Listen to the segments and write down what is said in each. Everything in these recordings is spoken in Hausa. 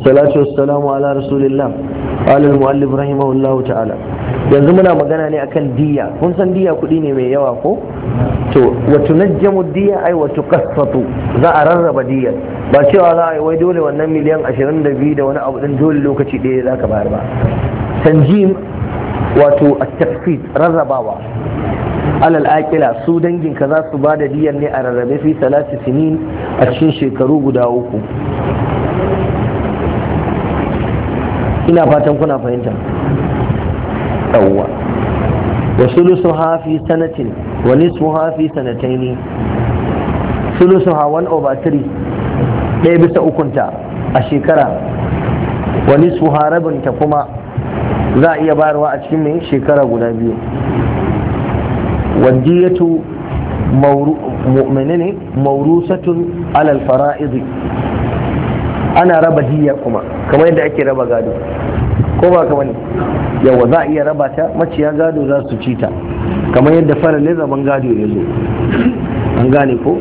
والصلاة والسلام ala rasulillah, الله قال المؤلف رحمه yanzu muna magana ne akan diya kun san diya kuɗi ne mai yawa ko to wato najjamu diya ai wato kasfatu za a rarraba diyar ba cewa za a yi wai dole wannan miliyan 22 da wani abu din dole lokaci ɗaya za ka bayar ba tanjim wato a tafid rarrabawa alal akila, su dangin ka za su ba da diyar ne a rarrabe fi talati sinin a cikin shekaru guda uku ina fatan kuna fahimta yawwa wa sulusuha fi sanatin wa nisfuha fi sanataini ha 1 over 3 ɗaya bisa ukunta a shekara wa nisfuha rabinta kuma za a iya bayarwa a cikin mai shekara guda biyu wadiyatu menene maurusatun alal fara'izi ana raba diya kuma kamar yadda ake raba gado ko ba kamar yawa za a iya raba ta maciya gado za su ci ta kamar yadda fara faralin zaban gado ya zo an gane ko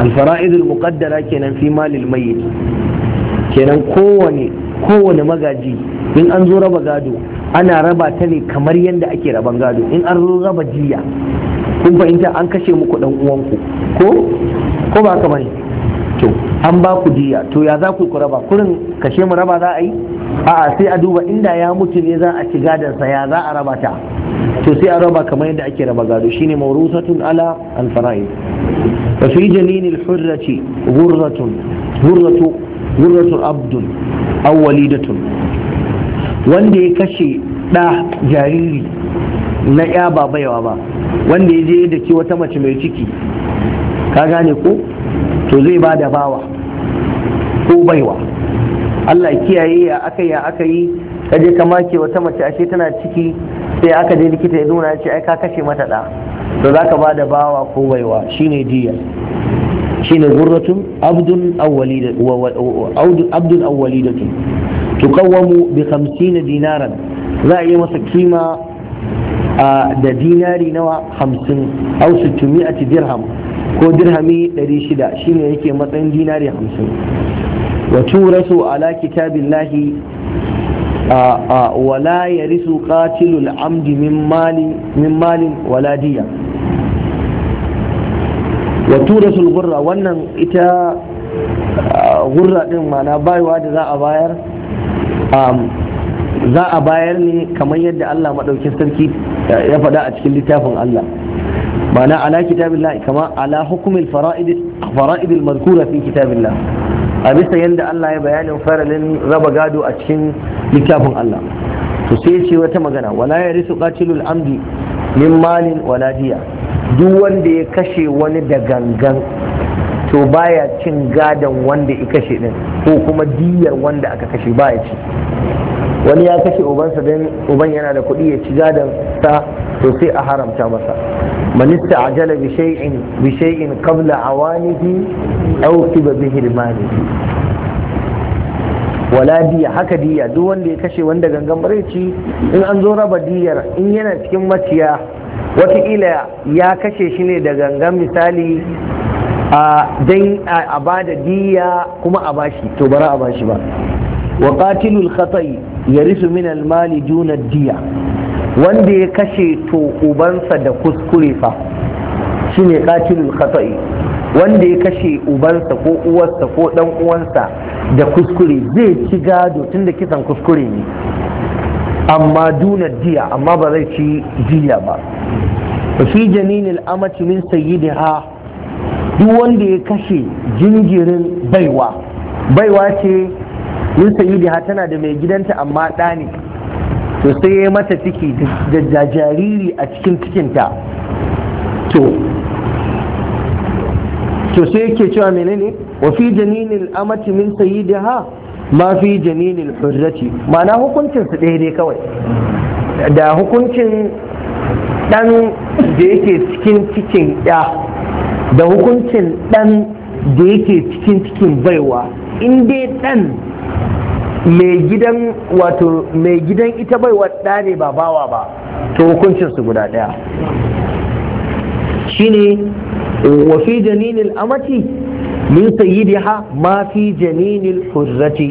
alfara'idul muqaddara kenan fi malil mayyit kenan kowane kowane magaji in an zo raba gado ana raba ta ne kamar yadda ake raban gado in an zo raba jiya kun fahimta an kashe muku dan uwanku ko ko ba kamar an ba ku diya to ya za ku ku raba kurin kashe mu raba za a yi a'a sai a duba inda ya mutu ne za a ci gadansa ya za a raba ta to sai a raba kamar yadda ake raba gado shine mawrusatun ala al-fara'id wa fi janin hurrati ghurratun ghurratu ghurratu abdun aw walidatun wanda ya kashe da jariri na ya ba baiwa ba wanda ya je da ke wata mace mai ciki ka gane ko to zai ba da bawa ko baiwa Allah kiyaye ya aka ya aka yi ka ka make wata mace ashe tana ciki sai aka je likita ya nuna ya ce ai ka kashe mata da to zaka ba da bawa ko baiwa shine diya shine gurratun abdun abdun awwalidatu tuqawwamu bi 50 dinaran za a yi masa kima da dinari nawa 50 aw 600 dirham ko dirhami 600 shine yake matsayin dinari 50 وتورث على كتاب الله ولا يرث قاتل العمد من مال من مال ولا دية وتورث الغرة wannan ita gurra din mana bayuwa da za a bayar za a bayar ne kamar yadda Allah maɗaukin sarki ya faɗa a cikin littafin Allah ma'ana ala kitabillahi kama ala hukumil fara'id fara'id al mazkura fi kitabillahi a bisa yadda Allah ya bayanin faralin raba gado a cikin littafin Allah to sai ya ce wata magana wala ya risu qatilul amdi min malin wala diya duk wanda ya kashe wani da gangan to baya cin gadon wanda ya kashe din ko kuma diyar wanda aka kashe baya ci wani ya kashe ubansa don uban yana da kuɗi ya ci gadon sa to sai a haramta masa man ista'jala bi shay'in kabla shay'in qabla awanihi awqiba bihi al-mali wala diya haka diya duk wanda ya kashe wanda gangan bare ci in an zo raba diyar in yana cikin maciya ila ya kashe shi ne da gangan misali a dan a bada diya kuma a bashi to bara a bashi ba wa qatilul khata'i yarisu min al mali duna diya wanda ya kashe to ubansa da kuskure fa shine qatilul khata'i wanda ya kashe ubansa ko uwarsa ko dan uwansa da kuskure zai ci gado tunda kisan kuskure ne amma duna diya amma ba zai ci diya ba fi janinil amati min sayyidiha duk wanda ya kashe jinjirin baiwa baiwa ce min sayyidiha tana da mai gidanta amma ɗa ne to sai ya mata ciki da jariri a cikin cikinta to to sai yake cewa menene wa fi janinil amati min sayyidiha ma fi janinil hurrati ma'ana hukuncin su ɗaya dai kawai da hukuncin dan da yake cikin cikin ya da hukuncin dan da yake cikin cikin baiwa in dai dan mai gidan wato mai gidan ita bai wadda ne ba bawa ba to hukuncin su guda daya shine wa fi janinil amati min sayyidiha ma fi janinil hurrati